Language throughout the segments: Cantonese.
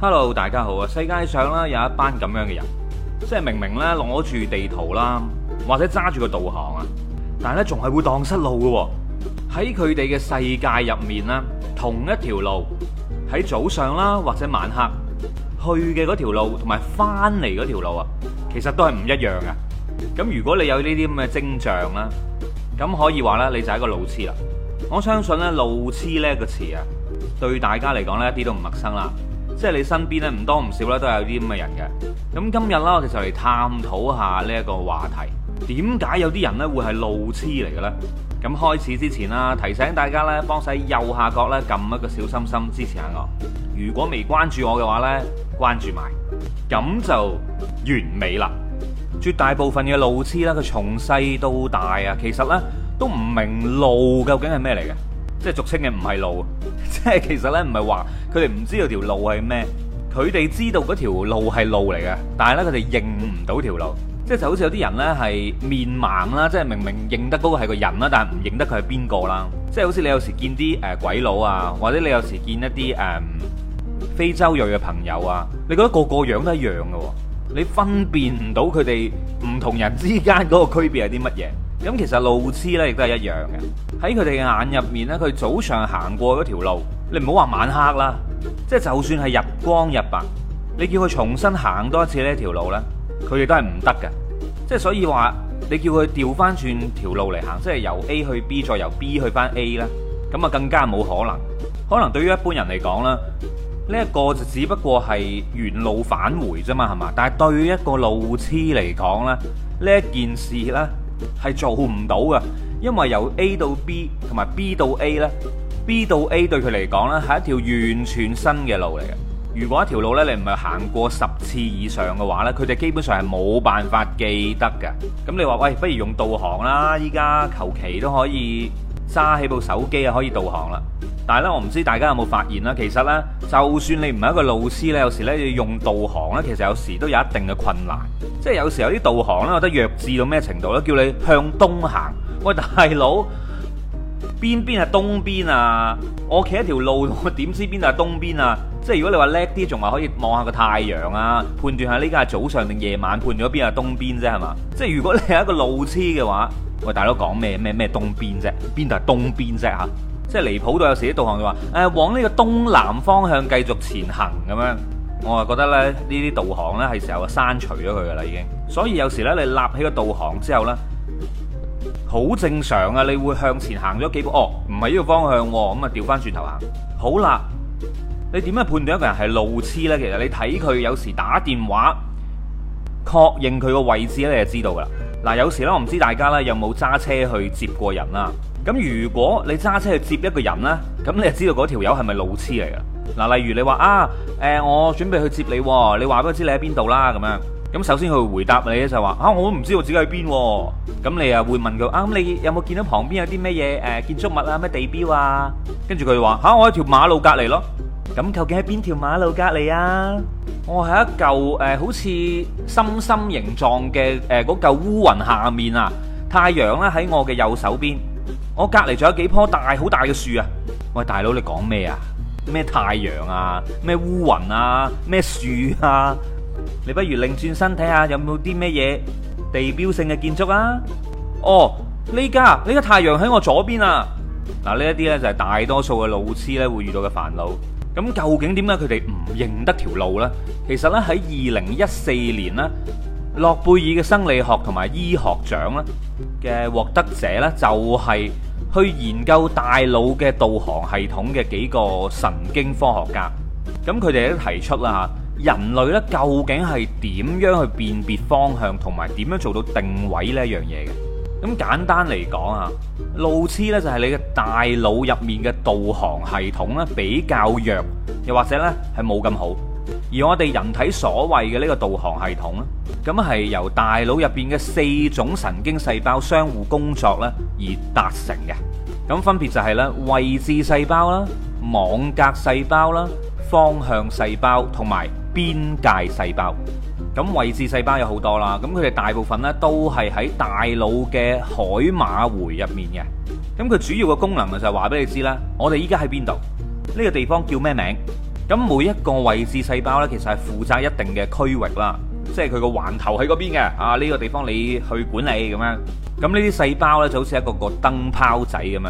Hello，大家好啊！世界上咧有一班咁樣嘅人，即係明明咧攞住地圖啦，或者揸住個導航啊，但係咧仲係會蕩失路噶喎。喺佢哋嘅世界入面咧，同一條路喺早上啦或者晚黑去嘅嗰條路，同埋翻嚟嗰條路啊，其實都係唔一樣嘅。咁如果你有呢啲咁嘅徵象啦，咁可以話咧你就係一個路痴啦。我相信咧路痴呢一個詞啊，對大家嚟講咧一啲都唔陌生啦。即係你身邊咧唔多唔少啦，都有啲咁嘅人嘅。咁今日啦，我哋就嚟探討下呢一個話題，點解有啲人咧會係路痴嚟嘅咧？咁開始之前啦，提醒大家咧，幫曬右下角呢，撳一個小心心支持下我。如果未關注我嘅話呢，關注埋，咁就完美啦。絕大部分嘅路痴呢，佢從細到大啊，其實呢，都唔明路究竟係咩嚟嘅。即係俗稱嘅唔係路，即係其實呢，唔係話佢哋唔知道條路係咩，佢哋知道嗰條路係路嚟嘅，但係呢，佢哋認唔到條路。即係就好似有啲人呢係面盲啦，即係明明認得嗰個係個人啦，但係唔認得佢係邊個啦。即係好似你有時見啲誒、呃、鬼佬啊，或者你有時見一啲誒、呃、非洲裔嘅朋友啊，你覺得個個樣都一樣喎。你分辨唔到佢哋唔同人之間嗰個區別係啲乜嘢？咁其實路痴咧，亦都係一樣嘅。喺佢哋嘅眼入面呢，佢早上行過嗰條路，你唔好話晚黑啦，即係就算係日光日白，你叫佢重新行多一次呢條路呢，佢哋都係唔得嘅。即係所以話，你叫佢調翻轉條路嚟行，即係由 A 去 B，再由 B 去翻 A 啦，咁啊更加冇可能。可能對於一般人嚟講啦，呢一個就只不過係原路返回啫嘛，係嘛？但係對於一個路痴嚟講咧，呢一件事呢，係做唔到㗎，因為由 A 到 B 同埋 B 到 A 呢，B 到 A 對佢嚟講呢，係一條完全新嘅路嚟嘅。如果一條路呢，你唔係行過十次以上嘅話呢，佢哋基本上係冇辦法記得嘅。咁你話喂，不如用導航啦，依家求其都可以。揸起部手機啊，可以導航啦。但係咧，我唔知大家有冇發現啦。其實呢，就算你唔係一個路痴呢，有時呢要用導航呢，其實有時都有一定嘅困難。即係有時有啲導航呢，我覺得弱智到咩程度呢？叫你向東行，喂大佬！邊邊係東邊啊？我企一條路，我點知邊度係東邊啊？即係如果你話叻啲，仲話可以望下個太陽啊，判斷下呢家係早上定夜晚，判斷咗邊係東邊啫，係嘛？即係如果你係一個路痴嘅話，喂，大佬講咩咩咩東邊啫？邊度係東邊啫？吓，即係離譜到有時啲導航就話，誒、啊、往呢個東南方向繼續前行咁樣，我係覺得咧呢啲導航咧係時候刪除咗佢噶啦已經。所以有時咧你立起個導航之後咧。好正常啊！你會向前行咗幾步，哦，唔係呢個方向喎，啊，咁啊調翻轉頭行。好啦，你點樣判斷一個人係路痴呢？其實你睇佢有時打電話確認佢個位置咧，你就知道噶啦。嗱，有時咧，我唔知大家呢有冇揸車去接過人啦。咁如果你揸車去接一個人呢，咁你就知道嗰條友係咪路痴嚟噶？嗱，例如你話啊，誒，呃，我準備去接你，你話俾我知你喺邊度啦，咁樣。咁首先佢回答你咧就話，啊，我都唔知我自己喺邊。咁你啊會問佢啊，咁你有冇見到旁邊有啲咩嘢？誒，建築物啊，咩地標啊？跟住佢話，吓，我喺條馬路隔籬咯。咁究竟喺邊條馬路隔籬啊？我喺一嚿誒，好似深深形狀嘅，誒，嗰嚿烏雲下面啊，太陽咧喺我嘅右手邊。我隔籬仲有幾棵大好大嘅樹啊！喂，大佬你講咩啊？咩太陽啊？咩烏雲啊？咩樹啊？你不如擰轉身睇下有冇啲咩嘢地標性嘅建築啊？哦，呢家呢個太陽喺我左邊啊！嗱，呢一啲呢就係大多數嘅路痴呢會遇到嘅煩惱。咁究竟點解佢哋唔認得條路呢？其實呢，喺二零一四年呢諾貝爾嘅生理學同埋醫學獎呢嘅獲得者呢，就係去研究大腦嘅導航系統嘅幾個神經科學家。咁佢哋都提出啦人類咧究竟係點樣去辨別方向，同埋點樣做到定位呢一樣嘢嘅？咁簡單嚟講啊，路痴咧就係你嘅大腦入面嘅導航系統咧比較弱，又或者咧係冇咁好。而我哋人體所謂嘅呢個導航系統咧，咁係由大腦入邊嘅四種神經細胞相互工作咧而達成嘅。咁分別就係咧位置細胞啦、網格細胞啦、方向細胞同埋邊界細胞咁位置細胞有好多啦，咁佢哋大部分呢都係喺大腦嘅海馬回入面嘅。咁佢主要嘅功能就係話俾你知啦。我哋依家喺邊度呢個地方叫咩名？咁每一個位置細胞呢，其實係負責一定嘅區域啦，即係佢個環頭喺嗰邊嘅。啊呢個地方你去管理咁樣，咁呢啲細胞呢，就好似一個個燈泡仔咁樣，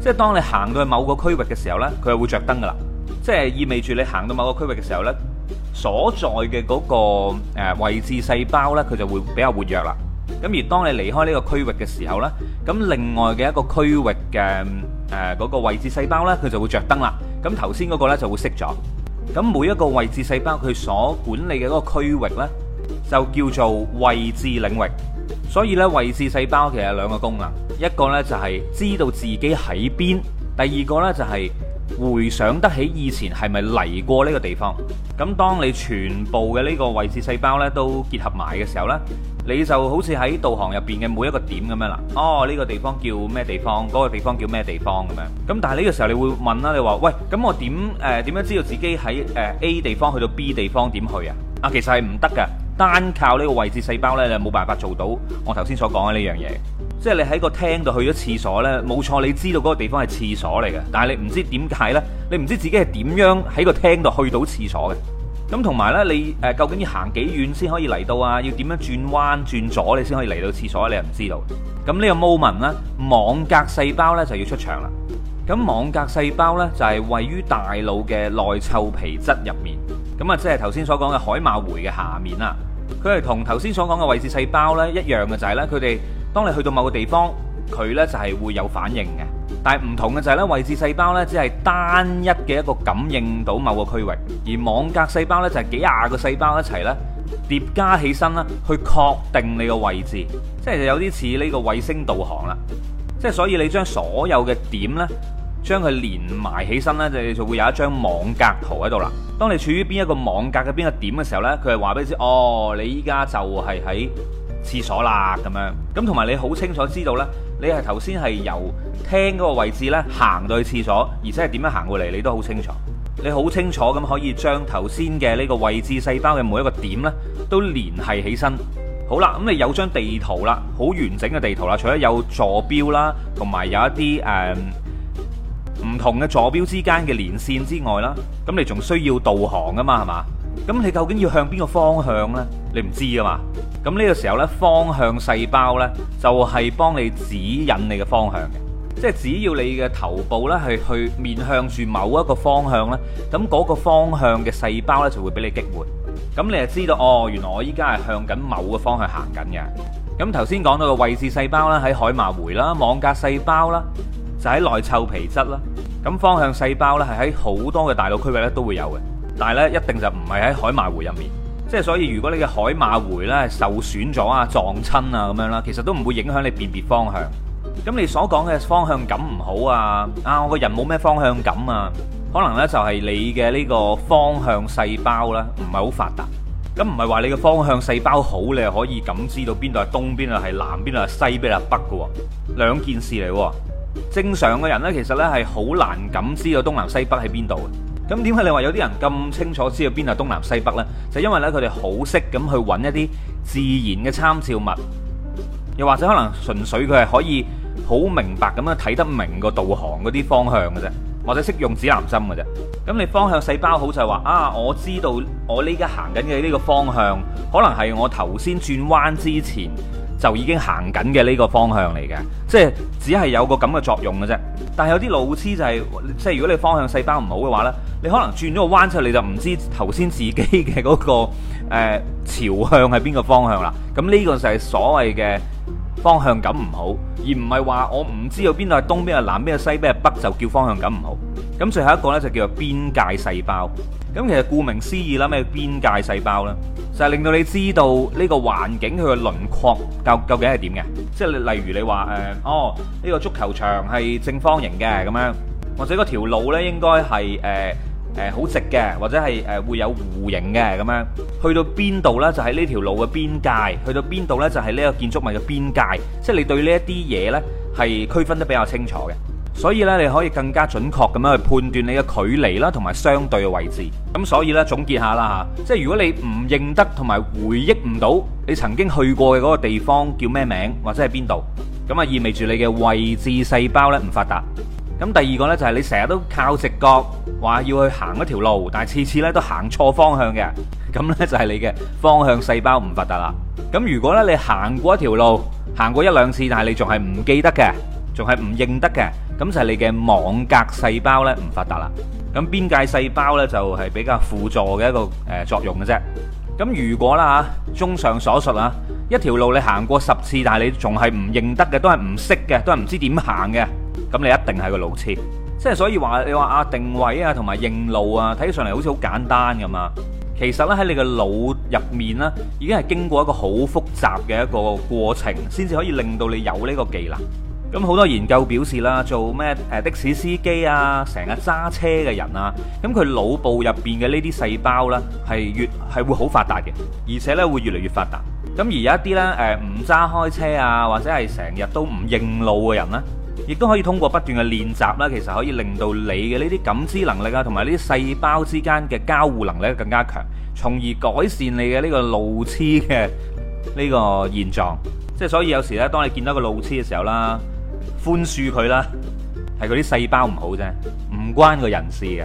即係當你行到去某個區域嘅時候呢，佢係會着燈噶啦，即係意味住你行到某個區域嘅時候呢。它就會所在嘅嗰個位置細胞呢，佢就會比較活躍啦。咁而當你離開呢個區域嘅時候呢，咁另外嘅一個區域嘅誒嗰個位置細胞呢，佢就會着燈啦。咁頭先嗰個呢就會熄咗。咁每一個位置細胞佢所管理嘅嗰個區域呢，就叫做位置領域。所以呢，位置細胞其實有兩個功能，一個呢就係知道自己喺邊，第二個呢就係。回想得起以前係咪嚟過呢個地方？咁當你全部嘅呢個位置細胞呢都結合埋嘅時候呢，你就好似喺導航入邊嘅每一個點咁樣啦。哦，呢、這個地方叫咩地方？嗰、那個地方叫咩地方咁樣？咁但係呢個時候你會問啦，你話喂，咁我點誒點樣知道自己喺、呃、A 地方去到 B 地方點去啊？啊，其實係唔得㗎。單靠呢個位置細胞呢，你冇辦法做到我頭先所講嘅呢樣嘢。即係你喺個廳度去咗廁所呢，冇錯，你知道嗰個地方係廁所嚟嘅，但係你唔知點解呢？你唔知自己係點樣喺個廳度去到廁所嘅。咁同埋呢，你誒究竟要行幾遠先可以嚟到啊？要點樣轉彎轉左你先可以嚟到廁所？你又唔知道。咁、這、呢個 moment 呢，網格細胞呢就要出場啦。咁網格細胞呢，就係位於大腦嘅內嗅皮質入面。咁啊，即係頭先所講嘅海馬回嘅下面啦。佢係同頭先所講嘅位置細胞呢一樣嘅就係呢。佢哋當你去到某個地方，佢呢就係會有反應嘅。但係唔同嘅就係呢，位置細胞呢只係單一嘅一個感應到某個區域，而網格細胞呢，就係幾廿個細胞一齊呢，疊加起身啦，去確定你個位置，即係有啲似呢個衛星導航啦。即係所以你將所有嘅點呢。將佢連埋起身呢，就就會有一張網格圖喺度啦。當你處於邊一個網格嘅邊個點嘅時候呢，佢係話俾你知哦，你依家就係喺廁所啦咁樣。咁同埋你好清楚知道呢，你係頭先係由廳嗰個位置呢行到去廁所，而且係點樣行過嚟，你都好清楚。你好清楚咁可以將頭先嘅呢個位置細胞嘅每一個點呢都聯繫起身。好啦，咁你有張地圖啦，好完整嘅地圖啦，除咗有坐標啦，同埋有,有一啲誒唔同嘅坐標之間嘅連線之外啦，咁你仲需要導航㗎嘛，係嘛？咁你究竟要向邊個方向呢？你唔知啊嘛？咁呢個時候呢，方向細胞呢，就係幫你指引你嘅方向嘅，即係只要你嘅頭部呢，係去面向住某一個方向呢，咁嗰個方向嘅細胞呢，就會俾你激活，咁你就知道哦，原來我依家係向緊某個方向行緊嘅。咁頭先講到嘅位置細胞啦，喺海馬回啦，網格細胞啦。就喺內嗅皮質啦，咁方向細胞呢，係喺好多嘅大腦區域呢都會有嘅，但係呢一定就唔係喺海馬回入面，即係所以如果你嘅海馬回呢，受損咗啊撞親啊咁樣啦，其實都唔會影響你辨別方向。咁你所講嘅方向感唔好啊，啊，我個人冇咩方向感啊，可能呢就係你嘅呢個方向細胞呢唔係好發達，咁唔係話你嘅方向細胞好，你可以感知到邊度係東邊啊係南邊啊係西邊啊北喎。兩件事嚟。正常嘅人呢，其實呢係好難感知到東南西北喺邊度嘅。咁點解你話有啲人咁清楚知道邊度東南西北呢？就因為呢，佢哋好識咁去揾一啲自然嘅參照物，又或者可能純粹佢係可以好明白咁樣睇得明個導航嗰啲方向嘅啫，或者識用指南針嘅啫。咁你方向細胞好就係話啊，我知道我呢家行緊嘅呢個方向，可能係我頭先轉彎之前。就已經行緊嘅呢個方向嚟嘅，即係只係有個咁嘅作用嘅啫。但係有啲路痴、就係，就係即係如果你方向細胞唔好嘅話呢，你可能轉咗個彎出，你就唔知頭先自己嘅嗰、嗰個、呃、朝向係邊個方向啦。咁呢個就係所謂嘅方向感唔好，而唔係話我唔知道邊度係東邊、係南邊、係西邊、係北就叫方向感唔好。咁最後一個呢，就叫做邊界細胞。.咁其實顧名思義啦，咩邊界細胞呢？就係令到你知道呢個環境佢嘅輪廓究究竟係點嘅，即係例如你話誒，哦，呢個足球場係正方形嘅咁樣，或者嗰條路呢，應該係誒好直嘅，或者係誒會有弧形嘅咁樣。去到邊度呢？就係呢條路嘅邊界，去到邊度呢？就係呢個建築物嘅邊界，即係你對呢一啲嘢呢，係區分得比較清楚嘅。所以咧，你可以更加準確咁樣去判斷你嘅距離啦，同埋相對嘅位置。咁所以呢，總結下啦嚇，即係如果你唔認得同埋回憶唔到你曾經去過嘅嗰個地方叫咩名或者係邊度，咁啊意味住你嘅位置細胞呢唔發達。咁第二個呢，就係你成日都靠直覺話要去行一條路，但係次次呢都行錯方向嘅，咁呢，就係你嘅方向細胞唔發達啦。咁如果呢，你行過一條路，行過一兩次，但係你仲係唔記得嘅。仲係唔認得嘅，咁就係你嘅網格細胞咧唔發達啦。咁邊界細胞咧就係比較輔助嘅一個誒作用嘅啫。咁如果啦吓，綜上所述啊，一條路你行過十次，但係你仲係唔認得嘅，都係唔識嘅，都係唔知點行嘅。咁你一定係個路痴。即係所以話，你話啊定位啊同埋認路啊，睇起上嚟，好似好簡單咁嘛。其實咧喺你嘅腦入面咧，已經係經過一個好複雜嘅一個過程，先至可以令到你有呢個技能。咁好多研究表示啦，做咩誒的士司機啊，成日揸車嘅人啊，咁佢腦部入邊嘅呢啲細胞呢，係越係會好發達嘅，而且呢會越嚟越發達。咁而有一啲呢，誒唔揸開車啊，或者係成日都唔認路嘅人呢，亦都可以通過不斷嘅練習啦，其實可以令到你嘅呢啲感知能力啊，同埋呢啲細胞之間嘅交互能力更加強，從而改善你嘅呢個路痴嘅呢個現狀。即係所以有時呢，當你見到個路痴嘅時候啦～寬恕佢啦，係佢啲細胞唔好啫，唔關個人事嘅。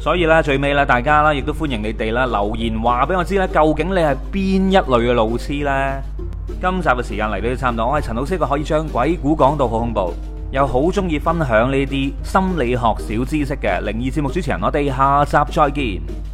所以咧，最尾啦，大家啦，亦都歡迎你哋啦，留言話俾我知咧，究竟你係邊一類嘅路痴呢。今集嘅時間嚟到都差唔多，我係陳老師，佢可以將鬼故講到好恐怖，又好中意分享呢啲心理學小知識嘅靈異節目主持人，我哋下集再見。